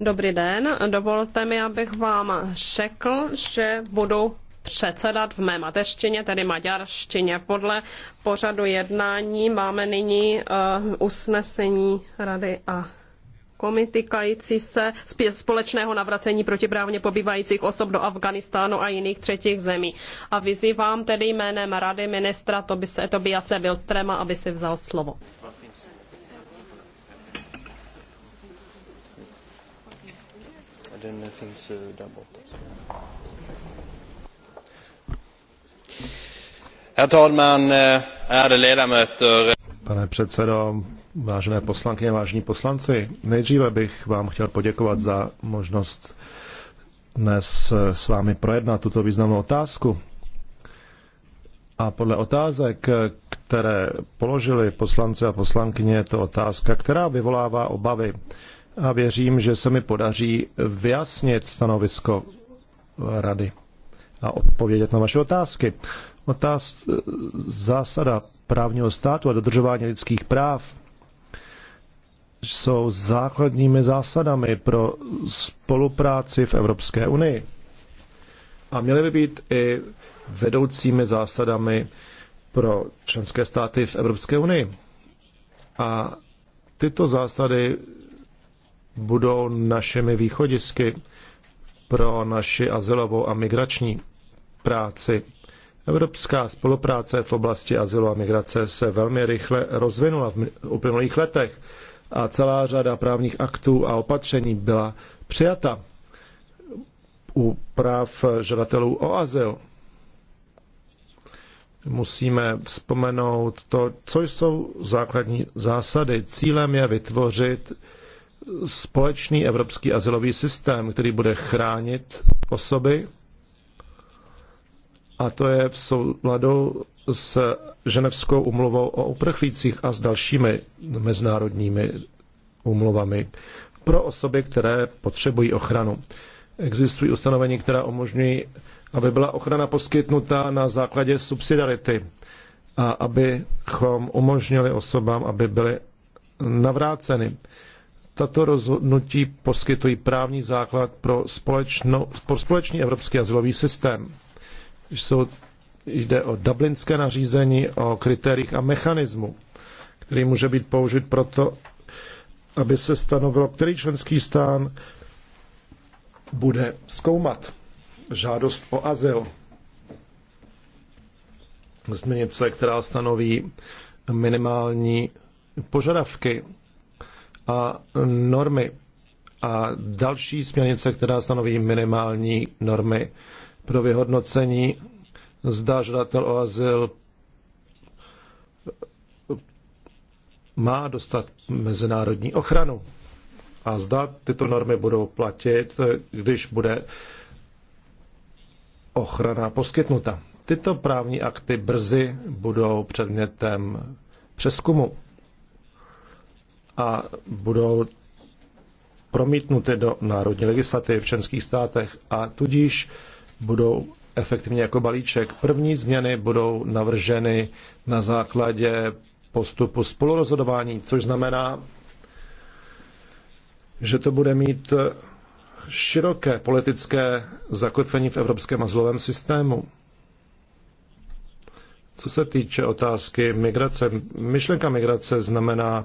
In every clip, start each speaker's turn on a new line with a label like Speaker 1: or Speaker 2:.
Speaker 1: Dobrý den, dovolte mi, abych vám řekl, že budu předsedat v mé mateřštině, tedy maďarštině. Podle pořadu jednání máme nyní eh, usnesení Rady a komi týkající se společného navracení protiprávně pobývajících osob do Afganistánu a jiných třetích zemí. A vyzývám tedy jménem Rady ministra Tobiase Bilstrema, aby si vzal slovo.
Speaker 2: den finns eh, där borta.
Speaker 1: Herr talman, eh, ärade ledamöter.
Speaker 2: Pane předsedo, vážené poslankyně, vážení poslanci, nejdříve bych vám chtěl poděkovat za možnost dnes eh, s vámi projednat tuto významnou otázku. A podle otázek, které položili poslanci a poslankyně, je to otázka, která vyvolává obavy a věřím, že se mi podaří vyjasnit stanovisko rady a odpovědět na vaše otázky. Otáz, zásada právního státu a dodržování lidských práv jsou základními zásadami pro spolupráci v Evropské unii. A měly by být i vedoucími zásadami pro členské státy v Evropské unii. A tyto zásady budou našimi východisky pro naši azylovou a migrační práci. Evropská spolupráce v oblasti azylu a migrace se velmi rychle rozvinula v uplynulých letech a celá řada právních aktů a opatření byla přijata u práv žadatelů o azyl. Musíme vzpomenout to, co jsou základní zásady. Cílem je vytvořit společný evropský asilový systém, který bude chránit osoby a to je v souladu s Ženevskou umluvou o uprchlících a s dalšími mezinárodními umluvami pro osoby, které potřebují ochranu. Existují ustanovení, která umožňují, aby byla ochrana poskytnuta na základě subsidiarity a abychom umožnili osobám, aby byly navráceny. Tato rozhodnutí poskytují právní základ pro, společno, pro společný evropský azylový systém. Jsou, jde o dublinské nařízení, o kritériích a mechanismu, který může být použit proto, aby se stanovilo, který členský stán bude zkoumat žádost o azyl. Změnice, která stanoví minimální požadavky a normy a další směrnice, která stanoví minimální normy pro vyhodnocení, zda žadatel o azyl má dostat mezinárodní ochranu a zda tyto normy budou platit, když bude ochrana poskytnuta. Tyto právní akty brzy budou předmětem přeskumu a budou promítnuty do národní legislativy v členských státech a tudíž budou efektivně jako balíček. První změny budou navrženy na základě postupu spolurozhodování, což znamená, že to bude mít široké politické zakotvení v evropském azylovém systému. Co se týče otázky migrace, myšlenka migrace znamená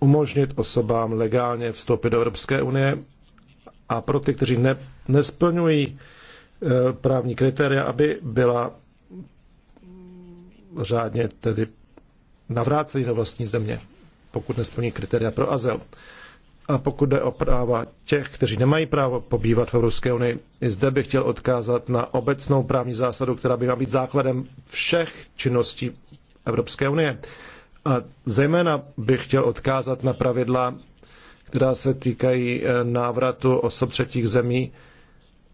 Speaker 2: umožnit osobám legálně vstoupit do Evropské unie a pro ty, kteří ne, nesplňují e, právní kritéria, aby byla řádně tedy navrácení do vlastní země, pokud nesplní kritéria pro azyl. A pokud jde o práva těch, kteří nemají právo pobývat v Evropské unii, i zde bych chtěl odkázat na obecnou právní zásadu, která by měla být základem všech činností Evropské unie. A zejména bych chtěl odkázat na pravidla, která se týkají eh, návratu osob třetích zemí,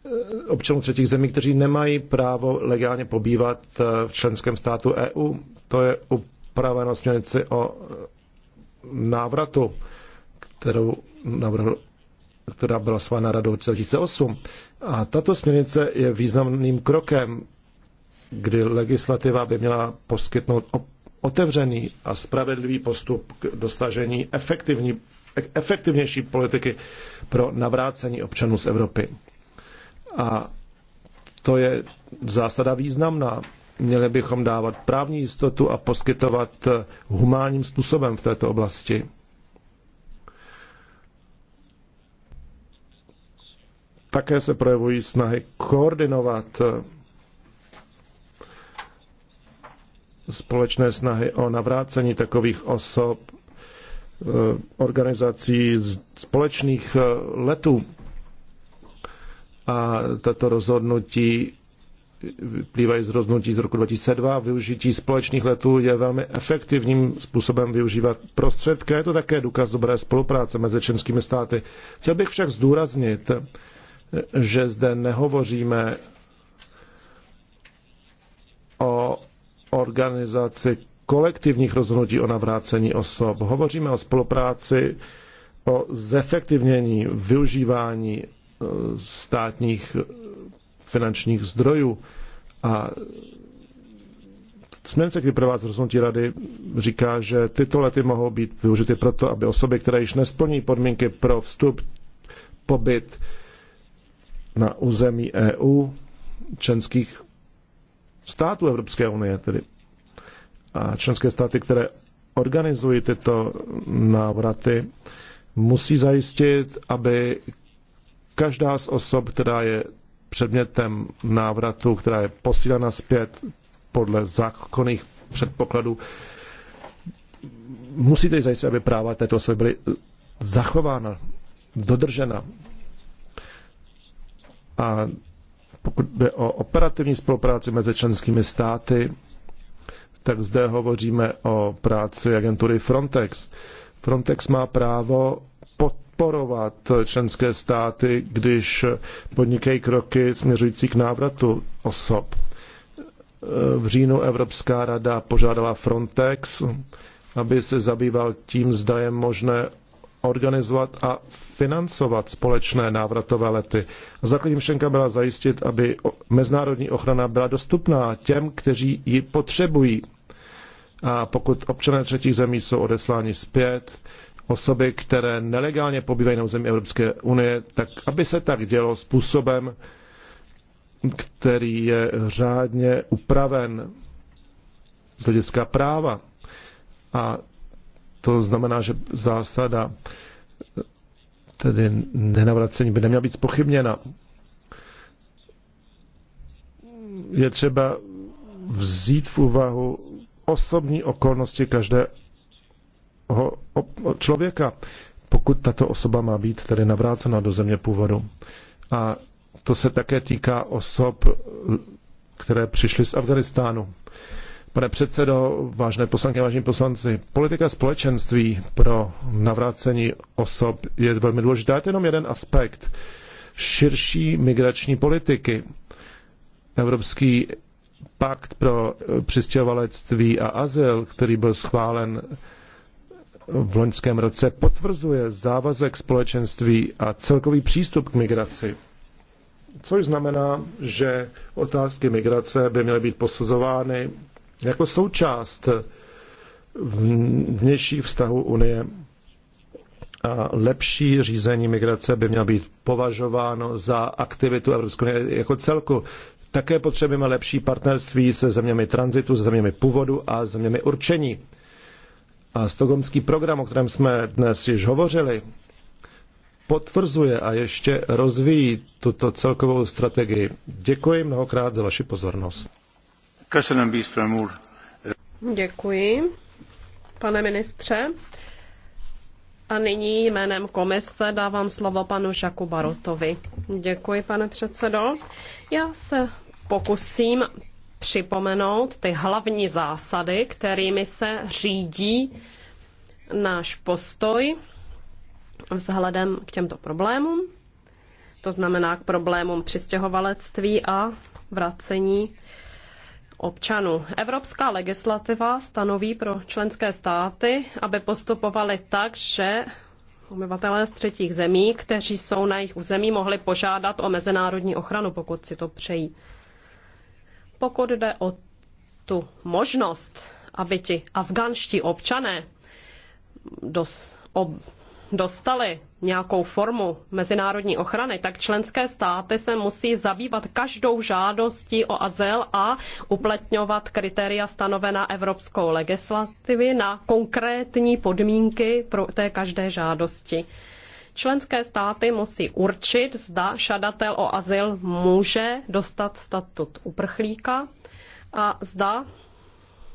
Speaker 2: eh, občanů třetích zemí, kteří nemají právo legálně pobývat eh, v členském státu EU. To je upraveno směrnici o návratu, kterou navrhl která byla svána radou 2008. A tato směrnice je významným krokem, kdy legislativa by měla poskytnout otevřený a spravedlivý postup k dosažení efektivní, efektivnější politiky pro navrácení občanů z Evropy. A to je zásada významná. Měli bychom dávat právní jistotu a poskytovat humánním způsobem v této oblasti. Také se projevují snahy koordinovat společné snahy o navrácení takových osob, e, organizací společných e, letů. A tato rozhodnutí vyplývají z rozhodnutí z roku 2002. Využití společných letů je velmi efektivním způsobem využívat prostředky. Je to také důkaz dobré spolupráce mezi členskými státy. Chtěl bych však zdůraznit, že zde nehovoříme organizaci kolektivních rozhodnutí o navrácení osob. Hovoříme o spolupráci, o zefektivnění využívání e, státních e, finančních zdrojů a Směrnice, který provází rozhodnutí rady, říká, že tyto lety mohou být využity proto, aby osoby, které již nesplní podmínky pro vstup, pobyt na území EU, členských států Evropské unie tedy. A členské státy, které organizují tyto návraty, musí zajistit, aby každá z osob, která je předmětem návratu, která je posílána zpět podle zákonných předpokladů, musí tedy zajistit, aby práva této osoby byly zachována, dodržena. A pokud jde o operativní spolupráci mezi členskými státy, tak zde hovoříme o práci agentury Frontex. Frontex má právo podporovat členské státy, když podnikají kroky směřující k návratu osob. V říjnu Evropská rada požádala Frontex, aby se zabýval tím, zda je možné organizovat a financovat společné návratové lety. Základní myšlenka byla zajistit, aby mezinárodní ochrana byla dostupná těm, kteří ji potřebují. A pokud občané třetích zemí jsou odesláni zpět, osoby, které nelegálně pobývají na území Evropské unie, tak aby se tak dělo způsobem, který je řádně upraven z hlediska práva. A to znamená, že zásada eh, tedy nenavracení by neměla být spochybněna. Je třeba vzít v úvahu osobní okolnosti každého člověka, pokud tato osoba má být tedy navrácena do země původu. A to se také týká osob, které přišly z Afganistánu. Pane předsedo, vážné poslanky, vážení poslanci, politika společenství pro navrácení osob je velmi důležitá. Je to jenom jeden aspekt širší migrační politiky. Evropský pakt pro přistěhovalectví a azyl, který byl schválen v loňském roce, potvrzuje závazek společenství a celkový přístup k migraci. Což znamená, že otázky migrace by měly být posuzovány jako součást vnějších vztahů Unie a lepší řízení migrace by mělo být považováno za aktivitu Evropské unie jako celku. Také potřebujeme lepší partnerství se zeměmi tranzitu, se zeměmi původu a zeměmi určení. A stokholmský program, o kterém jsme dnes již hovořili, potvrzuje a ještě rozvíjí tuto celkovou strategii. Děkuji mnohokrát za vaši pozornost.
Speaker 1: Děkuji, pane ministře. A nyní jménem komise dávám slovo panu Žaku Barotovi. Děkuji, pane předsedo. Já se pokusím připomenout ty hlavní zásady, kterými se řídí náš postoj vzhledem k těmto problémům, to znamená k problémům přistěhovalectví a vracení občanů. Evropská legislativa stanoví pro členské státy, aby postupovali tak, že obyvatelé z třetích zemí, kteří jsou na jejich území, mohli požádat o mezinárodní ochranu, pokud si to přejí. Pokud jde o tu možnost, aby ti afgánští občané dos, ob, dostali nějakou formu mezinárodní ochrany, tak členské státy se musí zabývat každou žádostí o azyl a uplatňovat kritéria stanovená evropskou legislativy na konkrétní podmínky pro té každé žádosti. Členské státy musí určit, zda žadatel o azyl může dostat statut uprchlíka a zda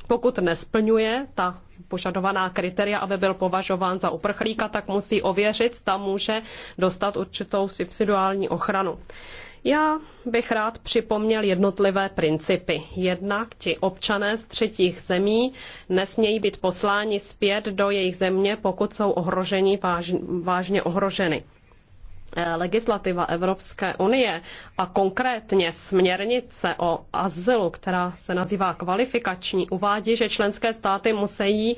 Speaker 1: pokud nesplňuje ta požadovaná kritéria, aby byl považován za uprchlíka, tak musí ověřit, zda může dostat určitou subsidiální ochranu. Já bych rád připomněl jednotlivé principy. Jednak ti občané z třetích zemí nesmějí být posláni zpět do jejich země, pokud jsou ohroženi, vážně ohroženy. Eh, legislativa Evropské unie a konkrétně směrnice o azylu, která se nazývá kvalifikační, uvádí, že členské státy musí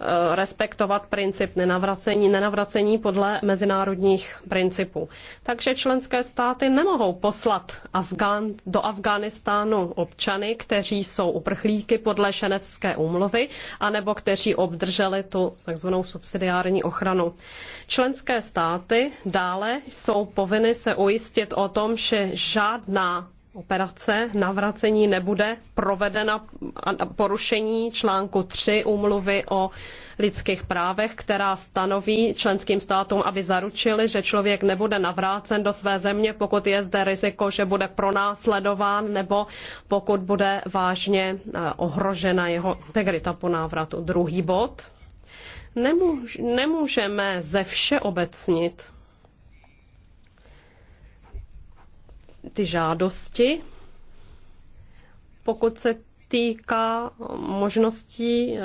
Speaker 1: Eh, respektovat princip nenavracení, nenavracení podle mezinárodních principů. Takže členské státy nemohou poslat Afgán, do Afghánistánu občany, kteří jsou uprchlíky podle Ženevské úmluvy, anebo kteří obdrželi tu takzvanou subsidiární ochranu. Členské státy dále jsou povinny se ujistit o tom, že žádná operace navracení nebude provedena porušení článku 3 úmluvy o lidských právech, která stanoví členským státům, aby zaručili, že člověk nebude navrácen do své země, pokud je zde riziko, že bude pronásledován nebo pokud bude vážně eh, ohrožena jeho integrita po návratu. Druhý bod. nemůžeme ze vše obecnit ty žádosti, pokud se týká možností eh,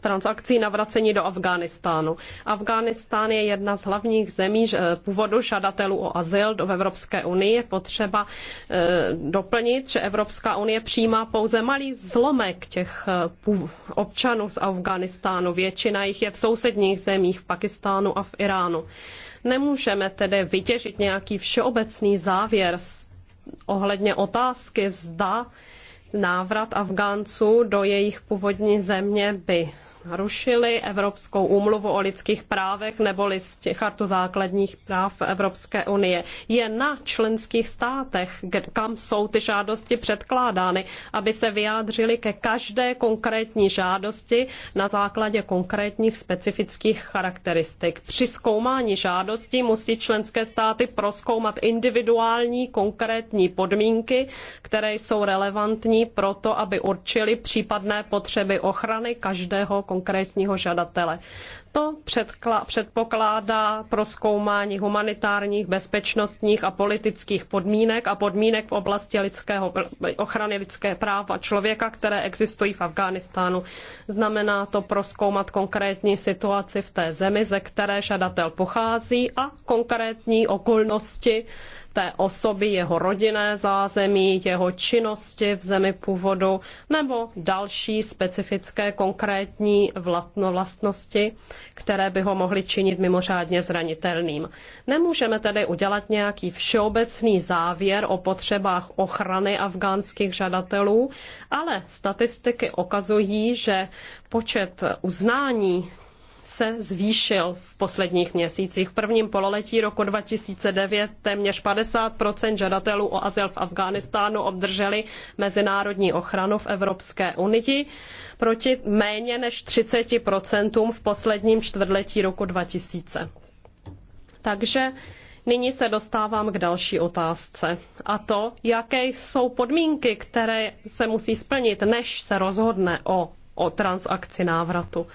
Speaker 1: transakcí navracení do Afghánistánu. Afghánistán je jedna z hlavních zemí eh, původu žadatelů o azyl do Evropské unie. Je potřeba eh, doplnit, že Evropská unie přijímá pouze malý zlomek těch občanů z Afghánistánu. Většina jich je v sousedních zemích, v Pakistánu a v Iránu. Nemůžeme tedy vytěžit nějaký všeobecný závěr z ohledně otázky, zda návrat Afgánců do jejich původní země by rušili Evropskou úmluvu o lidských právech nebo list, chartu základních práv Evropské unie. Je na členských státech, kam jsou ty žádosti předkládány, aby se vyjádřili ke každé konkrétní žádosti na základě konkrétních specifických charakteristik. Při zkoumání žádostí musí členské státy prozkoumat individuální konkrétní podmínky, které jsou relevantní pro to, aby určili případné potřeby ochrany každého konkrétního žadatele. To předpokládá proskoumání humanitárních, bezpečnostních a politických podmínek a podmínek v oblasti lidského, ochrany lidské práva člověka, které existují v Afghánistánu. Znamená to proskoumat konkrétní situaci v té zemi, ze které žadatel pochází a konkrétní okolnosti, té osoby, jeho rodinné zázemí, jeho činnosti v zemi původu nebo další specifické konkrétní vlastnosti, které by ho mohly činit mimořádně zranitelným. Nemůžeme tedy udělat nějaký všeobecný závěr o potřebách ochrany afgánských žadatelů, ale statistiky okazují, že počet uznání se zvýšil v posledních měsících. V prvním pololetí roku 2009 téměř 50 žadatelů o azyl v Afghánistánu obdrželi mezinárodní ochranu v Evropské unii proti méně než 30 v posledním čtvrtletí roku 2000. Takže Nyní se dostávám k další otázce. A to, jaké jsou podmínky, které se musí splnit, než se rozhodne o, o transakci návratu.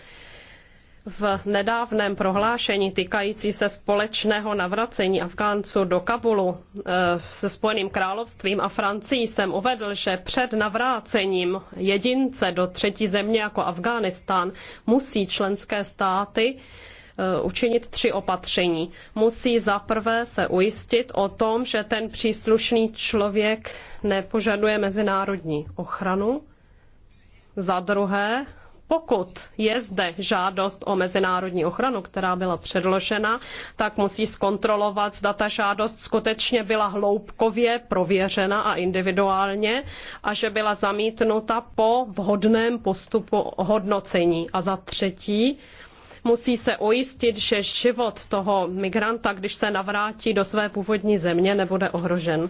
Speaker 1: V nedávném prohlášení týkající se společného navracení Afgánců do Kabulu eh, se Spojeným královstvím a Francií jsem uvedl, že před navrácením jedince do třetí země jako Afghánistán musí členské státy eh, učinit tři opatření. Musí zaprvé se ujistit o tom, že ten příslušný člověk nepožaduje mezinárodní ochranu. Za druhé, pokud je zde žádost o mezinárodní ochranu, která byla předložena, tak musí zkontrolovat, zda ta žádost skutečně byla hloubkově prověřena a individuálně a že byla zamítnuta po vhodném postupu hodnocení. A za třetí, musí se ujistit, že život toho migranta, když se navrátí do své původní země, nebude ohrožen.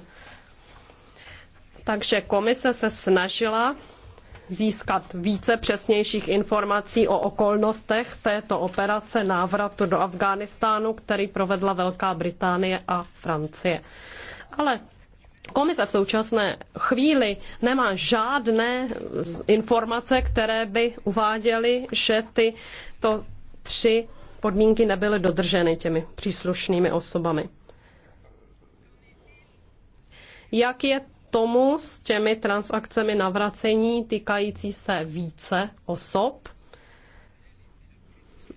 Speaker 1: Takže komise se snažila získat více přesnějších informací o okolnostech této operace návratu do Afghánistánu, který provedla Velká Británie a Francie. Ale Komise v současné chvíli nemá žádné informace, které by uváděly, že ty to tři podmínky nebyly dodrženy těmi příslušnými osobami. Jak je tomu s těmi transakcemi navracení týkající se více osob,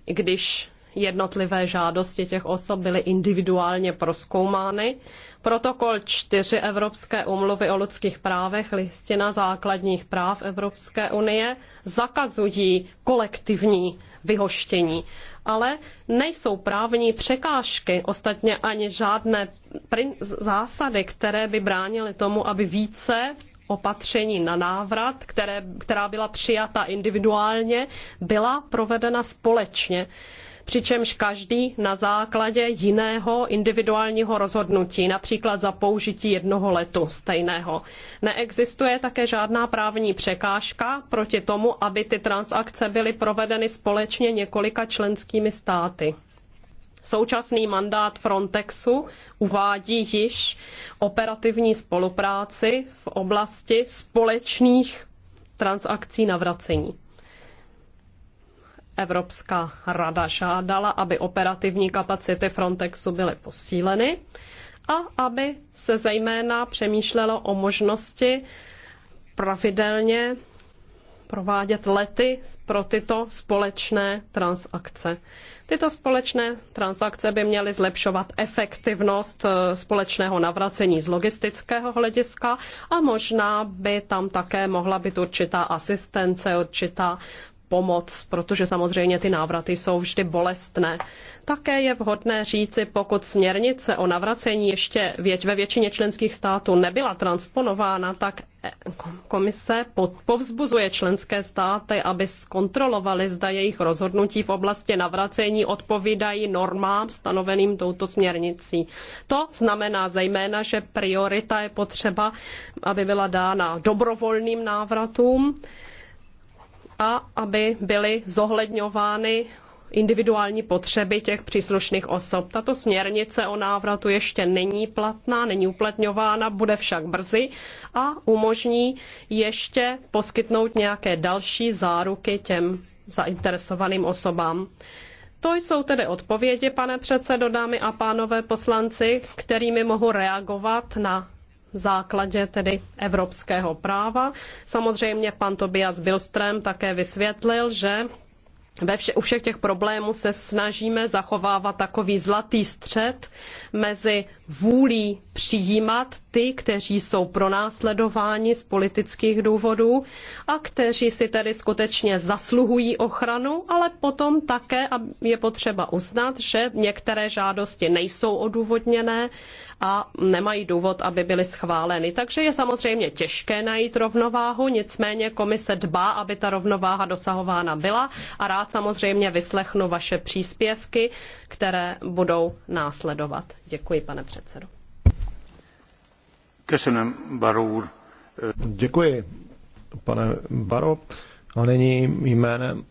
Speaker 1: když jednotlivé žádosti těch osob byly individuálně proskoumány. Protokol 4 Evropské umluvy o lidských právech, listina základních práv Evropské unie, zakazují kolektivní vyhoštění. Ale nejsou právní překážky, ostatně ani žádné zásady, které by bránily tomu, aby více opatření na návrat, které, která byla přijata individuálně, byla provedena společně přičemž každý na základě jiného individuálního rozhodnutí, například za použití jednoho letu stejného. Neexistuje také žádná právní překážka proti tomu, aby ty transakce byly provedeny společně několika členskými státy. Současný mandát Frontexu uvádí již operativní spolupráci v oblasti společných transakcí navracení. Evropská rada žádala, aby operativní kapacity Frontexu byly posíleny a aby se zejména přemýšlelo o možnosti pravidelně provádět lety pro tyto společné transakce. Tyto společné transakce by měly zlepšovat efektivnost eh, společného navracení z logistického hlediska a možná by tam také mohla být určitá asistence, určitá pomoc, protože samozřejmě ty návraty jsou vždy bolestné. Také je vhodné říci, pokud směrnice o navracení ještě věť ve většině členských států nebyla transponována, tak komise povzbuzuje členské státy, aby zkontrolovali, zda jejich rozhodnutí v oblasti navracení odpovídají normám stanoveným touto směrnicí. To znamená zejména, že priorita je potřeba, aby byla dána dobrovolným návratům, a aby byly zohledňovány individuální potřeby těch příslušných osob. Tato směrnice o návratu ještě není platná, není uplatňována, bude však brzy a umožní ještě poskytnout nějaké další záruky těm zainteresovaným osobám. To jsou tedy odpovědi, pane předsedo, dámy a pánové poslanci, kterými mohu reagovat na základě tedy evropského práva. Samozřejmě pan Tobias Bilström také vysvětlil, že ve vše, u všech těch problémů se snažíme zachovávat takový zlatý střed mezi vůlí přijímat ty, kteří jsou pronásledováni z politických důvodů a kteří si tedy skutečně zasluhují ochranu, ale potom také je potřeba uznat, že některé žádosti nejsou odůvodněné a nemají důvod, aby byly schváleny. Takže je samozřejmě těžké najít rovnováhu, nicméně komise dbá, aby ta rovnováha dosahována byla a rád samozřejmě vyslechnu vaše příspěvky, které budou následovat. Děkuji, pane předsedo.
Speaker 2: Děkuji, pane Baro. A nyní jménem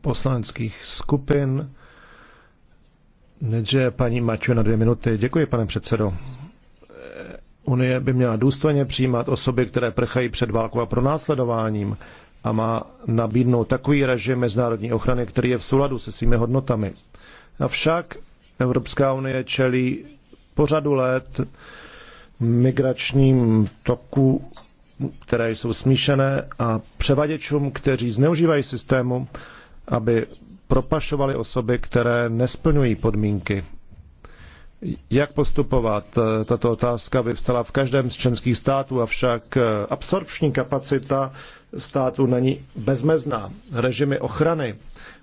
Speaker 2: poslaneckých skupin. Nedže paní Maťu na dvě minuty. Děkuji, pane předsedo. Unie by měla důstojně přijímat osoby, které prchají před válkou a pronásledováním a má nabídnout takový režim mezinárodní ochrany, který je v souladu se svými hodnotami. Avšak Evropská unie čelí pořadu let migračním toku, které jsou smíšené a převaděčům, kteří zneužívají systému, aby propašovali osoby, které nesplňují podmínky jak postupovat. Eh, tato otázka vyvstala v každém z členských států, avšak eh, absorpční kapacita státu není bezmezná. Režimy ochrany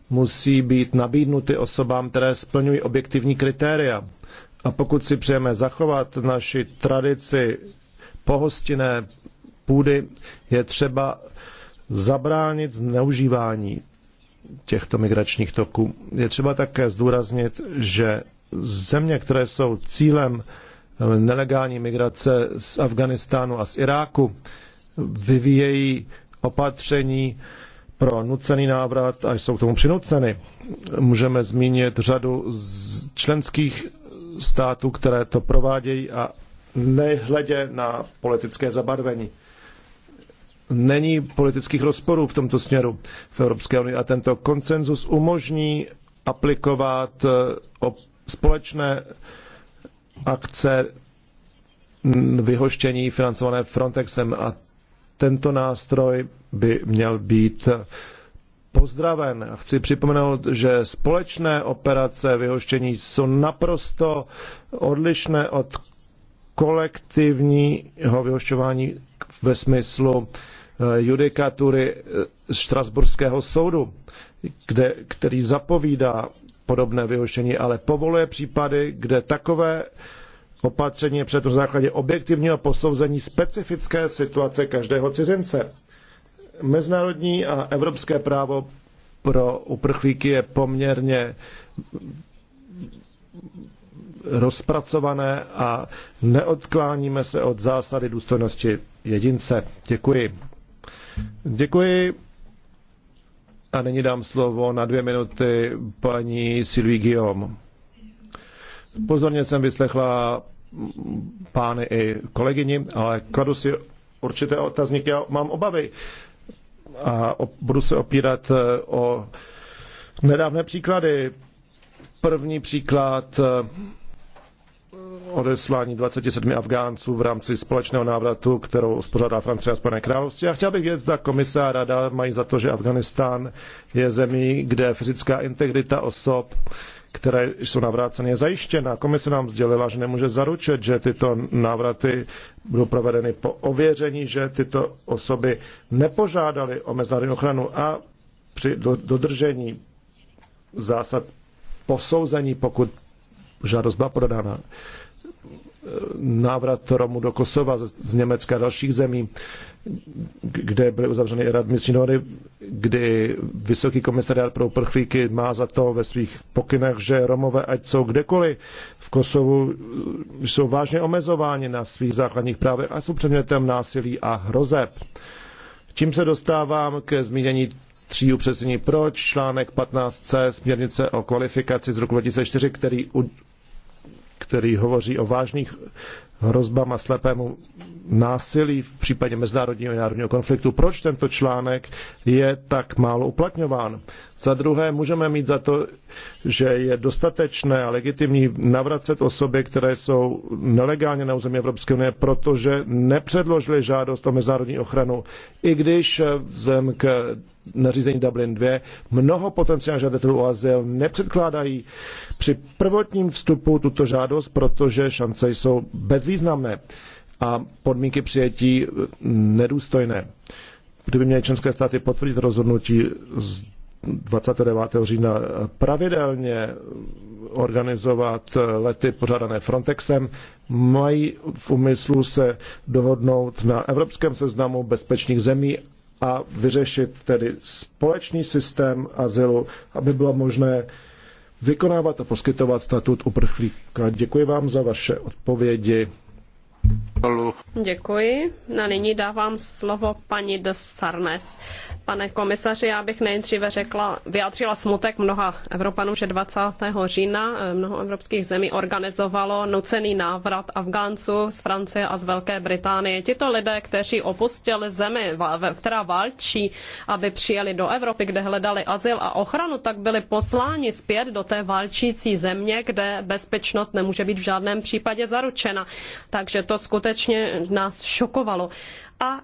Speaker 2: musí být nabídnuty osobám, které splňují objektivní kritéria. A pokud si přejeme zachovat naši tradici pohostinné půdy, je třeba zabránit zneužívání těchto migračních toků. Je třeba také zdůraznit, že země, které jsou cílem eh, nelegální migrace z Afganistánu a z Iráku, vyvíjejí opatření pro nucený návrat a jsou k tomu přinuceny. Můžeme zmínit řadu z členských států, které to provádějí a nehledě na politické zabarvení. Není politických rozporů v tomto směru v Evropské unii a tento koncenzus umožní aplikovat eh, společné akce vyhoštění financované Frontexem a tento nástroj by měl být pozdraven. Chci připomenout, že společné operace vyhoštění jsou naprosto odlišné od kolektivního vyhošťování ve smyslu eh, judikatury eh, Štrasburského soudu, kde, který zapovídá podobné vyhoštění, ale povoluje případy, kde takové opatření je před na základě objektivního posouzení specifické situace každého cizince. Mezinárodní a evropské právo pro uprchlíky je poměrně rozpracované a neodkláníme se od zásady důstojnosti jedince. Děkuji. Děkuji. A nyní dám slovo na dvě minuty paní Sylvie Guillaume. Pozorně jsem vyslechla pány i kolegyni, ale kladu si určité otazníky a mám obavy. A budu se opírat eh, o nedávné příklady. První příklad eh, odeslání 27 Afgánců v rámci společného návratu, kterou spořádá Francie a Spojené království. A chtěl bych vědět, zda komise a rada mají za to, že Afganistán je zemí, kde fyzická integrita osob, které jsou navráceny, je zajištěna. Komise nám sdělila, že nemůže zaručit, že tyto návraty budou provedeny po ověření, že tyto osoby nepožádaly o mezinárodní ochranu a při dodržení zásad posouzení, pokud žádost byla podána návrat Romů do Kosova z Německa a dalších zemí, kde byly uzavřeny i readmisní dohody, kdy Vysoký komisariát pro uprchlíky má za to ve svých pokynech, že Romové, ať jsou kdekoliv v Kosovu, jsou vážně omezováni na svých základních právech a jsou předmětem násilí a hrozeb. Tím se dostávám ke zmínění tří upřesnění proč, článek 15c směrnice o kvalifikaci z roku 2004, který který hovoří o vážných hrozbama slepému násilí v případě mezinárodního národního konfliktu. Proč tento článek je tak málo uplatňován? Za druhé, můžeme mít za to, že je dostatečné a legitimní navracet osoby, které jsou nelegálně na území Evropské unie, protože nepředložili žádost o mezinárodní ochranu, i když eh, vzhledem k nařízení Dublin 2 mnoho potenciálních žadatelů o azyl nepředkládají při prvotním vstupu tuto žádost, protože šance jsou bez bezvýznamné a podmínky přijetí eh, nedůstojné. Kdyby měly členské státy potvrdit rozhodnutí z 29. října pravidelně eh, organizovat eh, lety pořádané Frontexem, mají v úmyslu se dohodnout na evropském seznamu bezpečných zemí a vyřešit tedy společný systém azylu, aby bylo možné vykonávat a poskytovat statut uprchlíka. Děkuji vám za vaše odpovědi.
Speaker 1: Děkuji. Na nyní dávám slovo paní de Sarnes. Pane komisaři, já bych nejdříve řekla, vyjádřila smutek mnoha Evropanů, že 20. října eh, mnoho evropských zemí organizovalo nucený návrat Afgánců z Francie a z Velké Británie. Tito lidé, kteří opustili zemi, která válčí, aby přijeli do Evropy, kde hledali azyl a ochranu, tak byli posláni zpět do té válčící země, kde bezpečnost nemůže být v žádném případě zaručena. Takže to skutečně skutečně nás šokovalo. A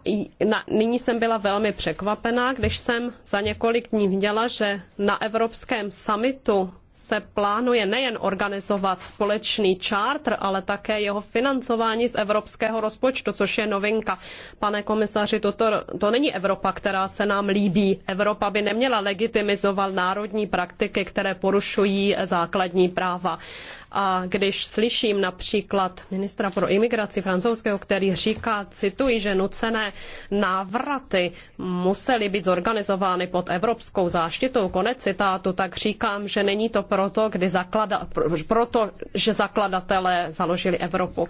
Speaker 1: na, nyní jsem byla velmi překvapená, když jsem za několik dní viděla, že na Evropském summitu se plánuje nejen organizovat společný čártr, ale také jeho financování z evropského rozpočtu, což je novinka. Pane komisaři, toto, to není Evropa, která se nám líbí. Evropa by neměla legitimizovat národní praktiky, které porušují základní práva. A když slyším například ministra pro imigraci francouzského, který říká, cituji, že nucené návraty musely být zorganizovány pod evropskou záštitou, konec citátu, tak říkám, že není to proto, kdy zaklada, proto, že zakladatelé založili Evropu.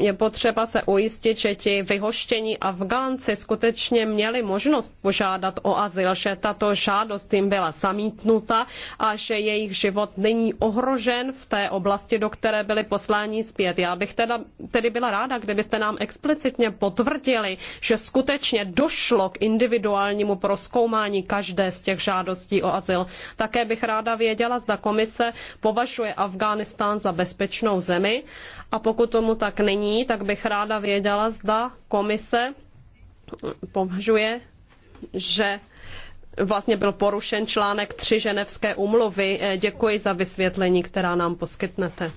Speaker 1: Je potřeba se ujistit, že ti vyhoštění Afgánci skutečně měli možnost požádat o azyl, že tato žádost jim byla zamítnuta a že jejich život není ohrožen v té oblasti, oblasti, do které byli posláni zpět. Já bych teda, tedy byla ráda, kdybyste nám explicitně potvrdili, že skutečně došlo k individuálnímu proskoumání každé z těch žádostí o azyl. Také bych ráda věděla, zda komise považuje Afghánistán za bezpečnou zemi a pokud tomu tak není, tak bych ráda věděla, zda komise považuje, že vlastně byl porušen článek 3 ženevské umluvy. Eh, děkuji za vysvětlení, která nám poskytnete.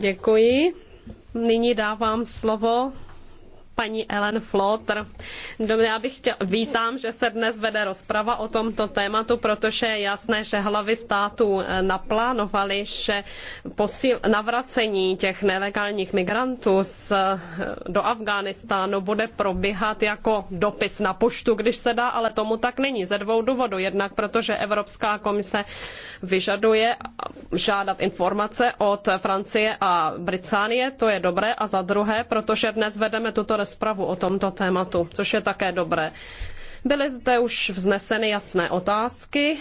Speaker 1: Děkuji. Nyní dávám slovo paní Ellen Flotter. No, já bych chtěl, vítám, že se dnes vede rozprava o tomto tématu, protože je jasné, že hlavy států eh, naplánovali, že posil, navracení těch nelegálních migrantů z, eh, do Afghánistánu bude probíhat jako dopis na poštu, když se dá, ale tomu tak není ze dvou důvodů. Jednak protože Evropská komise vyžaduje žádat informace od Francie a Británie, to je dobré, a za druhé, protože dnes vedeme tuto rozpravu o tomto tématu, což je také dobré. Byly zde už vzneseny jasné otázky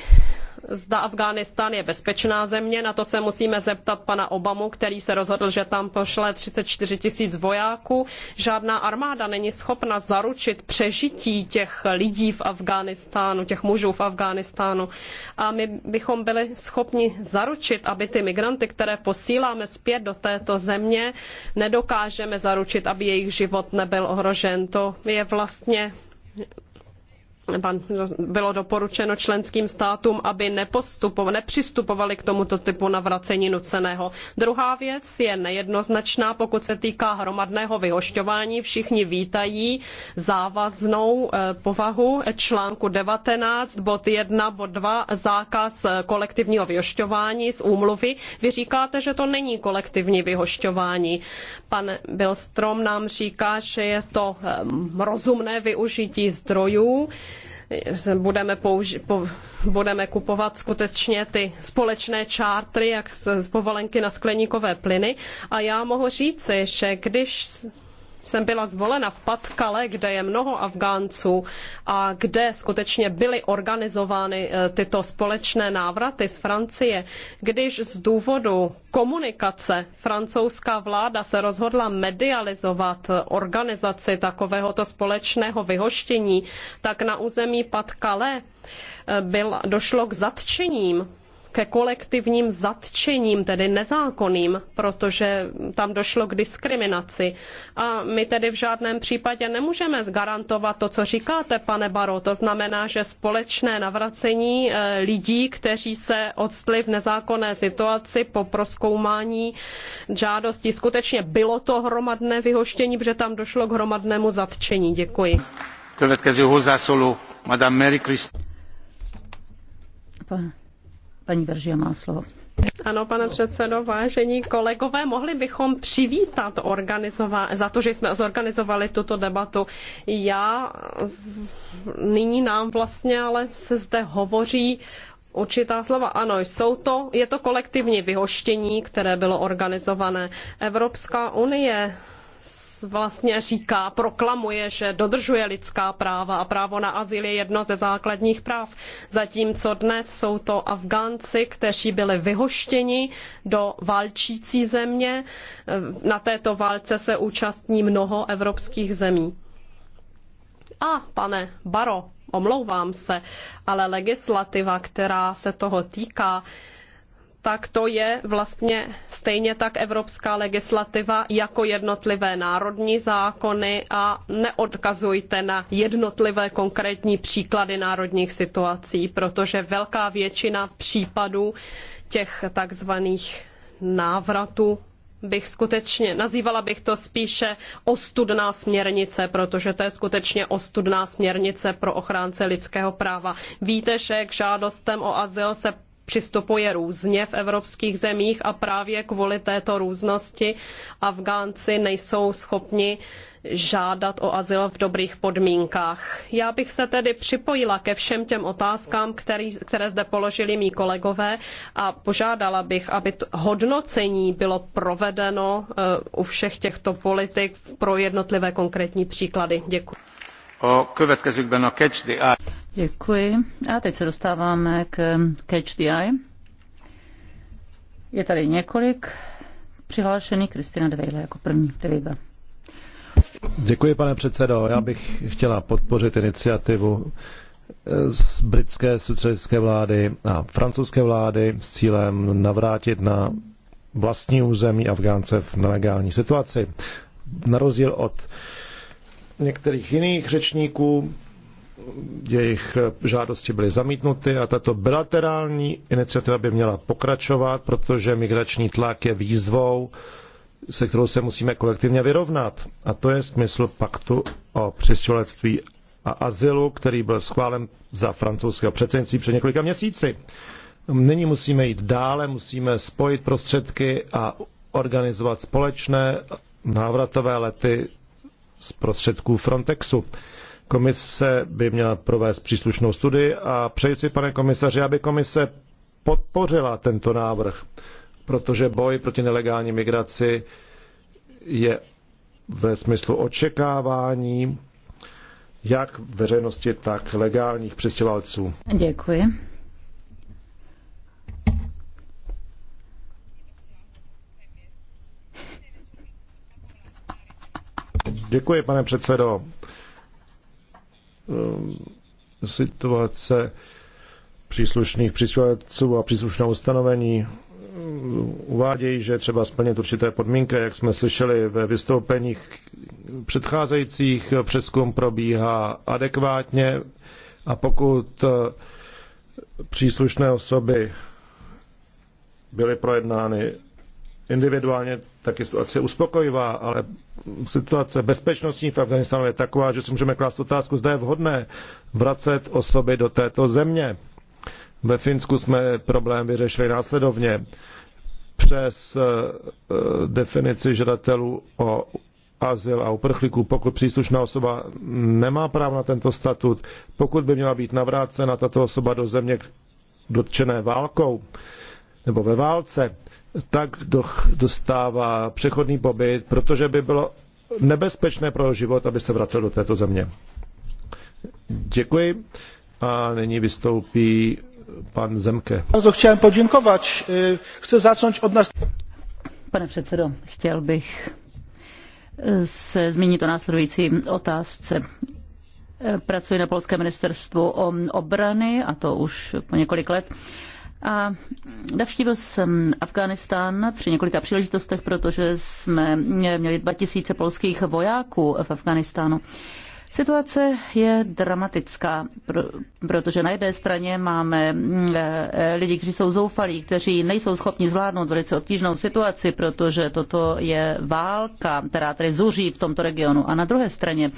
Speaker 1: zda Afghánistán je bezpečná země. Na to se musíme zeptat pana Obamu, který se rozhodl, že tam pošle 34 tisíc vojáků. Žádná armáda není schopna zaručit přežití těch lidí v Afghánistánu, těch mužů v Afghánistánu. A my bychom byli schopni zaručit, aby ty migranty, které posíláme zpět do této země, nedokážeme zaručit, aby jejich život nebyl ohrožen. To je vlastně bylo doporučeno členským státům, aby nepostupo, nepřistupovali k tomuto typu navracení nuceného. Druhá věc je nejednoznačná, pokud se týká hromadného vyhošťování. Všichni vítají závaznou eh, povahu článku 19, bod 1, bod 2, zákaz kolektivního vyhošťování z úmluvy. Vy říkáte, že to není kolektivní vyhošťování. Pan Bilstrom nám říká, že je to eh, rozumné využití zdrojů budeme, použi- po- budeme kupovat skutečně ty společné čártry, jak z, povolenky na skleníkové plyny. A já mohu říci, že když jsem byla zvolena v Patkale, kde je mnoho Afgánců a kde skutečně byly organizovány eh, tyto společné návraty z Francie, když z důvodu komunikace francouzská vláda se rozhodla medializovat eh, organizaci takovéhoto společného vyhoštění, tak na území Patkale eh, došlo k zatčením ke kolektivním zatčením, tedy nezákonným, protože tam došlo k diskriminaci. A my tedy v žádném případě nemůžeme zgarantovat to, co říkáte, pane Baro. To znamená, že společné navracení eh, lidí, kteří se odstli v nezákonné situaci po proskoumání žádosti, skutečně bylo to hromadné vyhoštění, protože tam došlo k hromadnému zatčení. Děkuji.
Speaker 2: Következő zásolu, Madame Mary Christ.
Speaker 3: Paní Veržia má slovo.
Speaker 1: Ano, pane předsedo, vážení kolegové, mohli bychom přivítat za to, že jsme zorganizovali tuto debatu. Já nyní nám vlastně ale se zde hovoří určitá slova. Ano, jsou to, je to kolektivní vyhoštění, které bylo organizované. Evropská unie vlastně říká, proklamuje, že dodržuje lidská práva a právo na azyl je jedno ze základních práv. Zatímco dnes jsou to Afgánci, kteří byli vyhoštěni do válčící země. Eh, na této válce se účastní mnoho evropských zemí. A pane Baro, omlouvám se, ale legislativa, která se toho týká, tak to je vlastně stejně tak evropská legislativa jako jednotlivé národní zákony a neodkazujte na jednotlivé konkrétní příklady národních situací, protože velká většina případů těch takzvaných návratů bych skutečně, nazývala bych to spíše ostudná směrnice, protože to je skutečně ostudná směrnice pro ochránce lidského práva. Víte, že k žádostem o azyl se přistupuje různě v evropských zemích a právě kvůli této různosti Afgánci nejsou schopni žádat o azyl v dobrých podmínkách. Já bych se tedy připojila ke všem těm otázkám, který, které zde položili mý kolegové a požádala bych, aby hodnocení bylo provedeno eh, u všech těchto politik pro jednotlivé konkrétní příklady. Děkuji. Děkuji. A teď se dostáváme
Speaker 3: k Catch the Eye. Je tady několik přihlášených. Kristina Dvejle jako první. Dvejle.
Speaker 2: Děkuji, pane předsedo. Já bych chtěla podpořit iniciativu z britské socialistické vlády a francouzské vlády s cílem navrátit na vlastní území Afgánce v nelegální situaci. Na rozdíl od některých jiných řečníků, jejich žádosti byly zamítnuty a tato bilaterální iniciativa by měla pokračovat, protože migrační tlak je výzvou, se kterou se musíme kolektivně vyrovnat. A to je smysl paktu o přistěhovalectví a azylu, který byl schválen za francouzského předsednictví před několika měsíci. Nyní musíme jít dále, musíme spojit prostředky a organizovat společné návratové lety z prostředků Frontexu. Komise by měla provést příslušnou studii a přeji si, pane komisaři, aby komise podpořila tento návrh, protože boj proti nelegální migraci je ve smyslu očekávání jak veřejnosti, tak legálních přistěhovalců. Děkuji. Děkuji, pane předsedo. Ehm, situace příslušných příslušenců a příslušná ustanovení ehm, uvádějí, že třeba splnit určité podmínky, jak jsme slyšeli ve vystoupeních předcházejících, přeskum probíhá adekvátně a pokud e, příslušné osoby byly projednány individuálně taky situace uspokojivá, ale situace bezpečnostní v Afganistánu je taková, že si můžeme klást otázku, zda je vhodné vracet osoby do této země. Ve Finsku jsme problém vyřešili následovně přes eh, eh, definici žadatelů o azyl a uprchlíků, pokud příslušná osoba nemá právo na tento statut, pokud by měla být navrácena tato osoba do země dotčené válkou nebo ve válce, tak dostává přechodný pobyt, protože by bylo nebezpečné pro život, aby se vracel do této země. Děkuji. A nyní vystoupí pan Zemke.
Speaker 3: Bardzo poděkovat. Chci začít od nás. Pane předsedo, chtěl bych se zmínit o následující otázce. Pracuji na polské ministerstvu obrany, a to už po několik let. A navštívil jsem Afganistán při několika příležitostech, protože jsme měli 2000 polských vojáků v Afghánistánu. Situace je dramatická, protože na jedné straně máme eh, lidi, kteří jsou zoufalí, kteří nejsou schopni zvládnout velice obtížnou situaci, protože toto je válka, která tady zuří v tomto regionu. A na druhé straně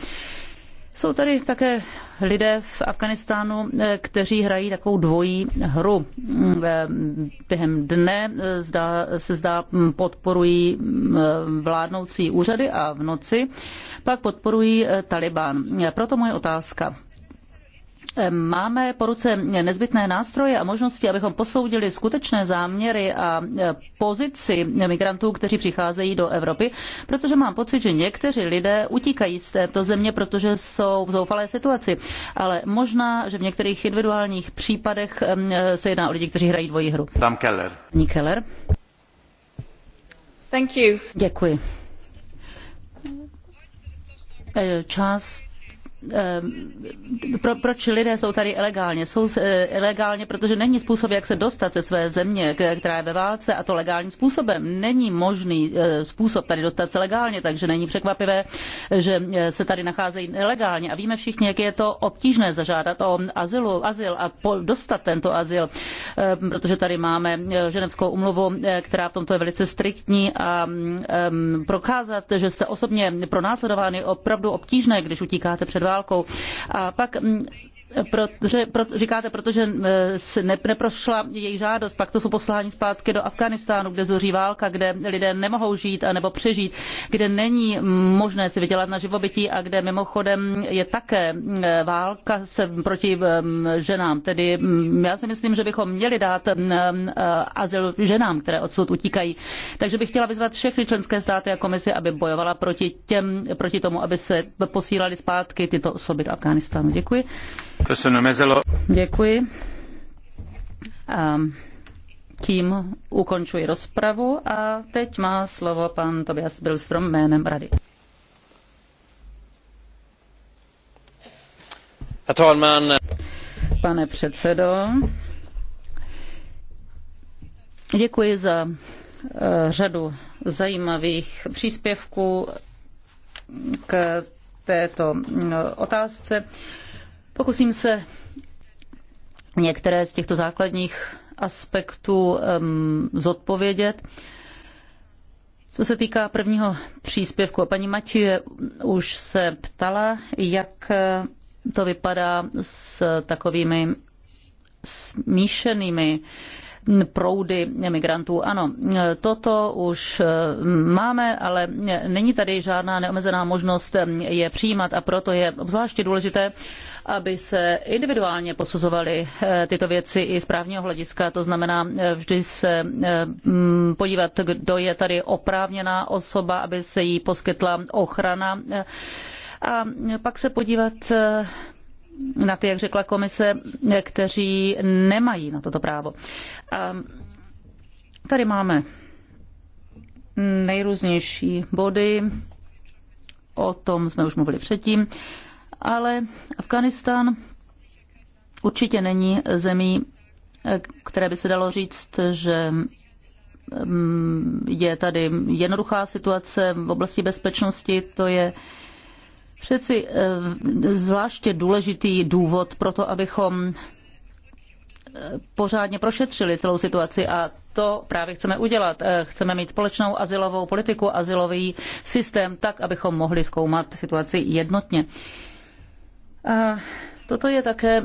Speaker 3: jsou tady také lidé v Afganistánu, eh, kteří hrají takovou dvojí hru. Mm, během dne eh, zdá, se zdá mm, podporují mm, vládnoucí úřady a v noci pak podporují eh, Taliban. Proto moje otázka máme po ruce nezbytné nástroje a možnosti, abychom posoudili skutečné záměry a e, pozici migrantů, kteří přicházejí do Evropy, protože mám pocit, že někteří lidé utíkají z této země, protože jsou v zoufalé situaci. Ale možná, že v některých individuálních případech e, se jedná o lidi, kteří hrají dvojí hru. Tam Keller. Ní Keller. Thank you. Děkuji. E, část Eh, pro, proč lidé jsou tady ilegálně. Jsou eh, ilegálně, protože není způsob, jak se dostat ze své země, která je ve válce, a to legálním způsobem. Není možný eh, způsob tady dostat se legálně, takže není překvapivé, že se tady nacházejí ilegálně. A víme všichni, jak je to obtížné zažádat o azylu, azyl a dostat tento azyl, protože tady máme ženevskou umluvu, která v tomto je velice striktní a mm, prokázat, že jste osobně pronásledovány opravdu obtížné, když utíkáte před válkou válkou. A pak mm, pro, pro, říkáte, protože se ne, neprošla její žádost, pak to jsou poslání zpátky do Afghánistánu, kde zuří válka, kde lidé nemohou žít a nebo přežít, kde není možné si vydělat na živobytí a kde mimochodem je také e, válka se proti e, ženám. Tedy já si myslím, že bychom měli dát e, azyl ženám, které odsud utíkají. Takže bych chtěla vyzvat všechny členské státy a komisi, aby bojovala proti, těm, proti tomu, aby se posílali zpátky tyto osoby do Afghánistánu. Děkuji. Děkuji. A ehm, tím ukončuji rozpravu a teď má slovo pan Tobias Bilstrom jménem Rady. Pane předsedo, děkuji za eh, řadu zajímavých příspěvků k této mm, otázce. Pokusím se některé z těchto základních aspektů um, zodpovědět. Co se týká prvního příspěvku, paní Matěje už se ptala, jak eh, to vypadá s takovými smíšenými uh, proudy migrantů. Ano, toto už eh, máme, ale není tady žádná neomezená možnost eh, je přijímat a proto je obzvláště důležité, aby se individuálně posuzovaly eh, tyto věci i z právního hlediska. To znamená vždy se mm, podívat, kdo je tady oprávněná osoba, aby se jí poskytla ochrana. A pak se podívat na ty, jak řekla komise, kteří nemají na toto právo. A tady máme nejrůznější body, o tom jsme už mluvili předtím, ale Afganistán určitě není zemí, které by se dalo říct, že mm, je tady jednoduchá situace v oblasti bezpečnosti, to je přeci eh, zvláště důležitý důvod pro to, abychom eh, pořádně prošetřili celou situaci a to právě chceme udělat. Eh, chceme mít společnou asilovou politiku, asilový systém, tak, abychom mohli zkoumat situaci jednotně. A toto je také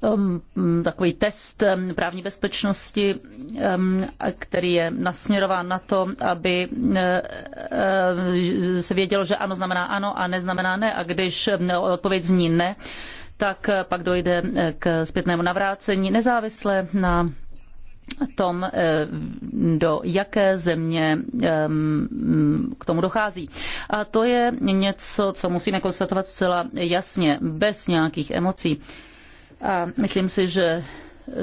Speaker 3: Um, mm, takový test um, právní bezpečnosti, um, který je nasměrován na to, aby uh, uh, se vědělo, že ano znamená ano a neznamená ne. A když odpověď zní ne, tak uh, pak dojde k zpětnému navrácení nezávisle na tom, do jaké země k tomu dochází. A to je něco, co musíme konstatovat zcela jasně, bez nějakých emocí. A myslím si, že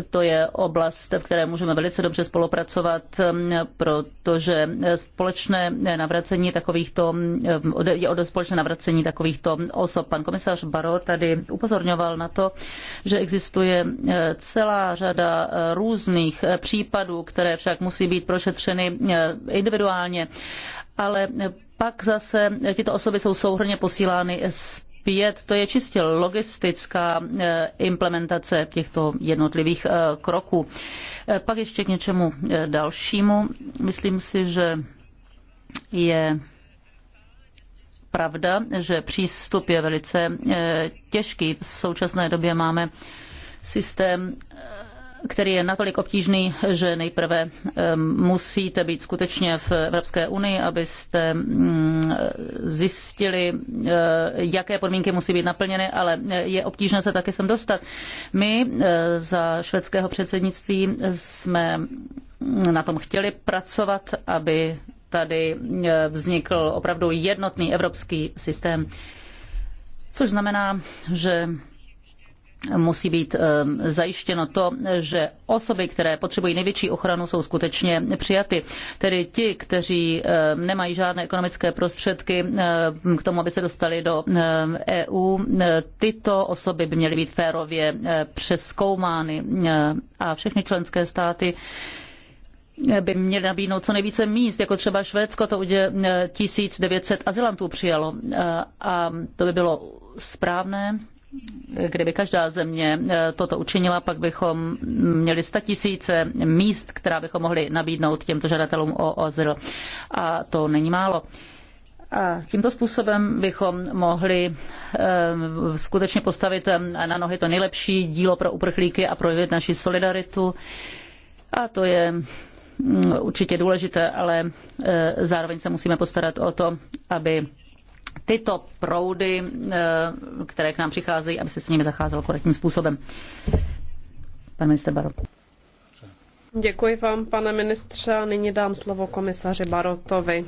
Speaker 3: to je oblast, v které můžeme velice dobře spolupracovat, protože společné navracení takovýchto, je o společné navracení takovýchto osob. Pan komisař Baro tady upozorňoval na to, že existuje e, celá řada e, různých e, případů, které však musí být prošetřeny individuálně, ale pak zase tyto osoby jsou souhrně posílány z 5, to je čistě logistická eh, implementace těchto jednotlivých eh, kroků. Eh, pak ještě k něčemu dalšímu. Myslím si, že je pravda, že přístup je velice těžký. V současné době máme systém který je natolik obtížný, že nejprve musíte být skutečně v Evropské unii, abyste mm, zjistili, eh, jaké podmínky musí být naplněny, ale eh, je obtížné se taky sem dostat. My eh, za švédského předsednictví jsme mm, na tom chtěli pracovat, aby tady vznikl opravdu jednotný evropský systém. Což znamená, že musí být eh, zajištěno to, že osoby, které potřebují největší ochranu, jsou skutečně přijaty. Tedy ti, kteří eh, nemají žádné ekonomické prostředky eh, k tomu, aby se dostali do EU, e tyto osoby by měly být férově přeskoumány a všechny členské státy by měly nabídnout co nejvíce míst, jako třeba Švédsko to 1900 azylantů přijalo a to by bylo správné kdyby každá země eh, toto učinila, pak bychom měli tisíce míst, která bychom mohli nabídnout těmto žadatelům o azyl. A to není málo. A tímto způsobem bychom mohli eh, skutečně postavit eh, na nohy to nejlepší dílo pro uprchlíky a projevit naši solidaritu. A to je mm, určitě důležité, ale zároveň se musíme postarat o to, aby tyto proudy, eh, které k nám přicházejí, aby se s nimi zacházelo korektním způsobem. Pan minister Baro.
Speaker 1: Děkuji vám, pane ministře, a nyní dám slovo komisaři Barotovi.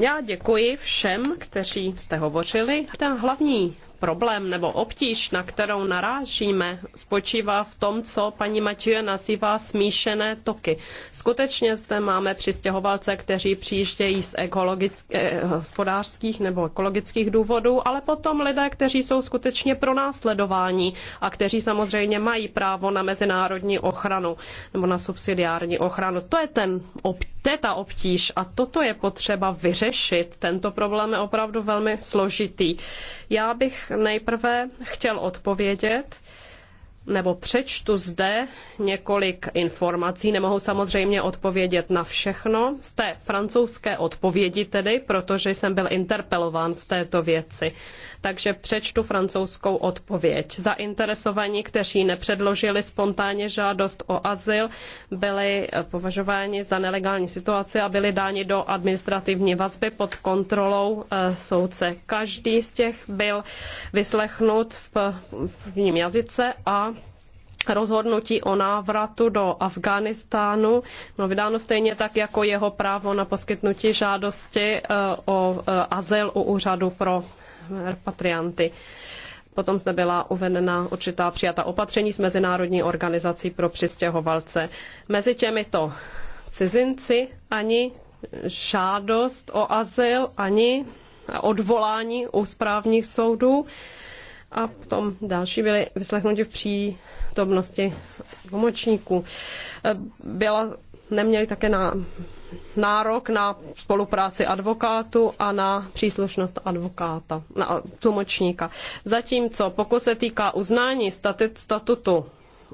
Speaker 1: Já děkuji všem, kteří jste hovořili. Ten hlavní problém nebo obtíž, na kterou narážíme, spočívá v tom, co paní Matěje nazývá smíšené toky. Skutečně zde máme přistěhovalce, kteří přijíždějí z ekologických, eh, hospodářských nebo ekologických důvodů, ale potom lidé, kteří jsou skutečně pro následování a kteří samozřejmě mají právo na mezinárodní ochranu nebo na subsidiární ochranu. To je, ten, to je ta obtíž a toto je potřeba vyřešit. Tento problém je opravdu velmi složitý. Já bych bych nejprve chtěl odpovědět nebo přečtu zde několik informací. Nemohu samozřejmě odpovědět na všechno. Z té francouzské odpovědi tedy, protože jsem byl interpelován v této věci. Takže přečtu francouzskou odpověď. Zainteresovaní, kteří nepředložili spontánně žádost o azyl, byli považováni za nelegální situaci a byli dáni do administrativní vazby pod kontrolou eh, soudce. Každý z těch byl vyslechnut v, v ním jazyce a rozhodnutí o návratu do Afghánistánu bylo vydáno stejně tak jako jeho právo na poskytnutí žádosti eh, o eh, azyl u úřadu pro repatrianty. Potom zde byla uvedena určitá přijata opatření s Mezinárodní organizací pro přistěhovalce. Mezi těmito cizinci ani žádost o azyl, ani odvolání u správních soudů a potom další byli vyslechnuti v přítomnosti pomočníků. Byla, neměli také na nárok na spolupráci advokátu a na příslušnost advokáta, na tlumočníka. Zatímco pokud se týká uznání statut, statutu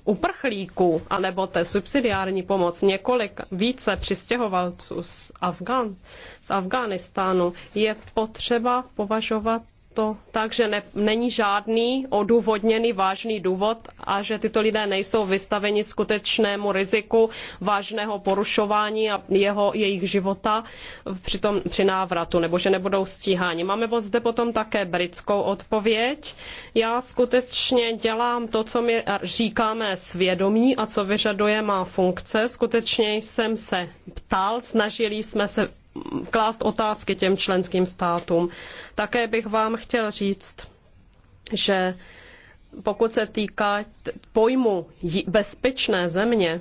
Speaker 1: uprchlíků, anebo té subsidiární pomoc několik více přistěhovalců z, Afgán, z Afghánistánu, je potřeba považovat to tak, že ne, není žádný odůvodněný vážný důvod a že tyto lidé nejsou vystaveni skutečnému riziku vážného porušování a jeho, jejich života při, tom, při návratu, nebo že nebudou stíháni. Máme zde potom také britskou odpověď. Já skutečně dělám to, co mi říkáme svědomí a co vyžaduje má funkce. Skutečně jsem se ptal, snažili jsme se klást otázky těm členským státům. Také bych vám chtěl říct, že pokud se týká pojmu bezpečné země,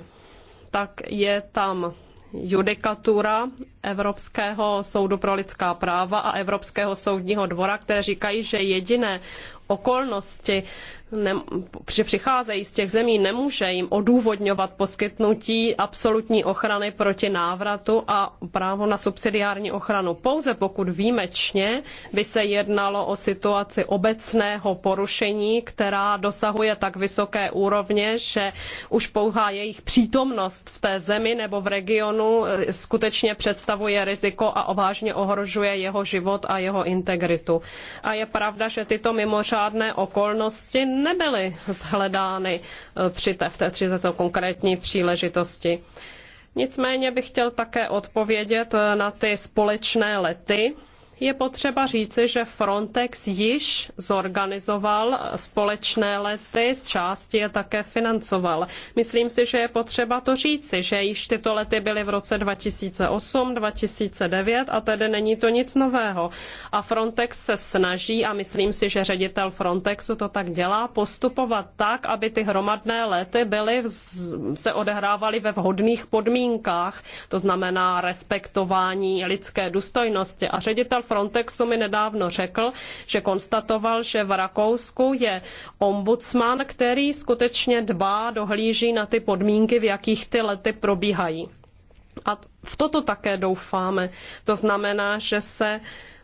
Speaker 1: tak je tam judikatura Evropského soudu pro lidská práva a Evropského soudního dvora, které říkají, že jediné okolnosti, ne, přicházejí z těch zemí, nemůže jim odůvodňovat poskytnutí absolutní ochrany proti návratu a právo na subsidiární ochranu. Pouze pokud výjimečně by se jednalo o situaci obecného porušení, která dosahuje tak vysoké úrovně, že už pouhá jejich přítomnost v té zemi nebo v regionu eh, skutečně představuje riziko a vážně ohrožuje jeho život a jeho integritu. A je pravda, že tyto mimořádné okolnosti nebyly shledány e, při té, v té, při této konkrétní příležitosti. Nicméně bych chtěl také odpovědět e, na ty společné lety, je potřeba říci, že Frontex již zorganizoval společné lety, z části je také financoval. Myslím si, že je potřeba to říci, že již tyto lety byly v roce 2008, 2009 a tedy není to nic nového. A Frontex se snaží, a myslím si, že ředitel Frontexu to tak dělá, postupovat tak, aby ty hromadné lety byly, se odehrávaly ve vhodných podmínkách, to znamená respektování lidské důstojnosti. A ředitel Frontexu mi nedávno řekl, že konstatoval, že v Rakousku je ombudsman, který skutečně dbá, dohlíží na ty podmínky, v jakých ty lety probíhají. A v toto také doufáme. To znamená, že se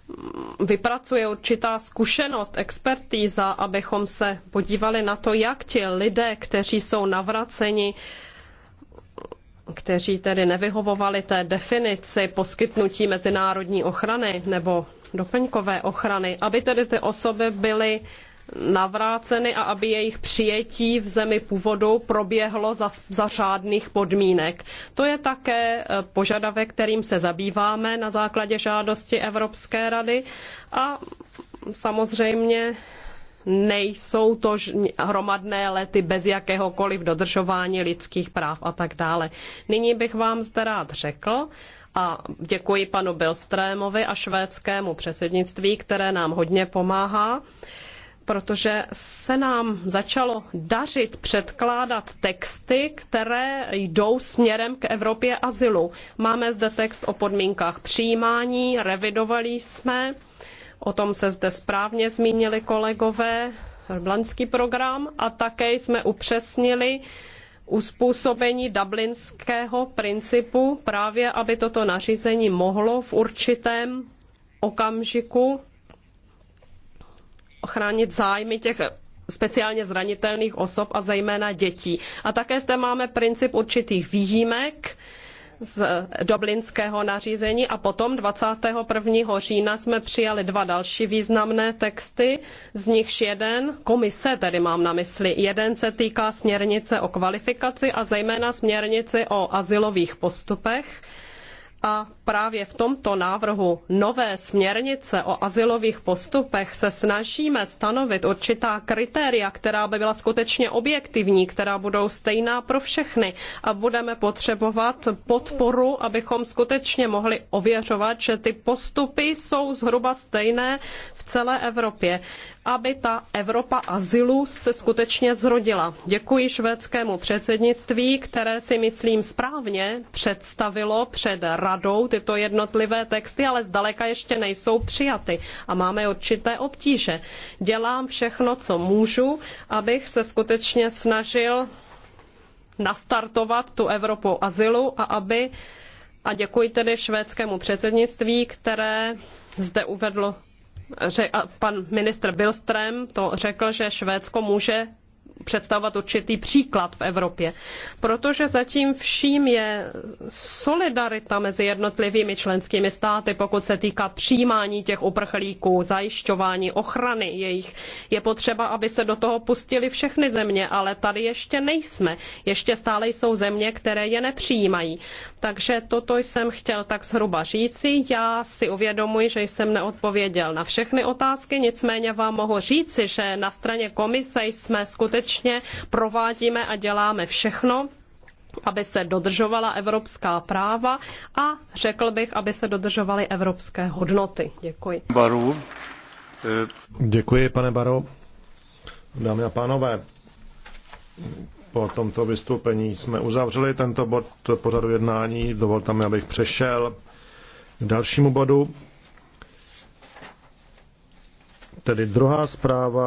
Speaker 1: mm, vypracuje určitá zkušenost, expertíza, abychom se podívali na to, jak ti lidé, kteří jsou navraceni, kteří tedy nevyhovovali té definici poskytnutí mezinárodní ochrany nebo doplňkové ochrany, aby tedy ty osoby byly navráceny a aby jejich přijetí v zemi původu proběhlo za, za řádných podmínek. To je také eh, požadavek, kterým se zabýváme na základě žádosti Evropské rady a samozřejmě nejsou to hromadné lety bez jakéhokoliv dodržování lidských práv a tak dále. Nyní bych vám zde rád řekl, a děkuji panu Bilstrémovi a švédskému předsednictví, které nám hodně pomáhá, protože se nám začalo dařit předkládat texty, které jdou směrem k Evropě azylu. Máme zde text o podmínkách přijímání, revidovali jsme O tom se zde správně zmínili kolegové, Blanský program a také jsme upřesnili uspůsobení dublinského principu právě, aby toto nařízení mohlo v určitém okamžiku ochránit zájmy těch speciálně zranitelných osob a zejména dětí. A také zde máme princip určitých výjimek, z Dublinského nařízení a potom 21. října jsme přijali dva další významné texty, z nichž jeden, komise tedy mám na mysli, jeden se týká směrnice o kvalifikaci a zejména směrnici o asilových postupech a právě v tomto návrhu nové směrnice o asilových postupech se snažíme stanovit určitá kritéria, která by byla skutečně objektivní, která budou stejná pro všechny a budeme potřebovat podporu, abychom skutečně mohli ověřovat, že ty postupy jsou zhruba stejné v celé Evropě, aby ta Evropa asilu se skutečně zrodila. Děkuji švédskému předsednictví, které si myslím správně představilo před radou radou tyto jednotlivé texty, ale zdaleka ještě nejsou přijaty a máme určité obtíže. Dělám všechno, co můžu, abych se skutečně snažil nastartovat tu Evropu azylu a aby a děkuji tedy švédskému předsednictví, které zde uvedlo, pan ministr Bilström to řekl, že Švédsko může představovat určitý příklad v Evropě. Protože zatím vším je solidarita mezi jednotlivými členskými státy, pokud se týká přijímání těch uprchlíků, zajišťování, ochrany jejich. Je potřeba, aby se do toho pustili všechny země, ale tady ještě nejsme. Ještě stále jsou země, které je nepřijímají. Takže toto jsem chtěl tak zhruba říci. Já si uvědomuji, že jsem neodpověděl na všechny otázky, nicméně vám mohu říci, že na straně komise jsme skutečně skutečně provádíme a děláme všechno, aby se dodržovala evropská práva a řekl bych, aby se dodržovaly evropské hodnoty. Děkuji.
Speaker 2: Baru. Děkuji, pane Baro. Dámy a pánové, po tomto vystoupení jsme uzavřeli tento bod pořadu jednání. Dovolte mi, abych přešel k dalšímu bodu. Tedy druhá zpráva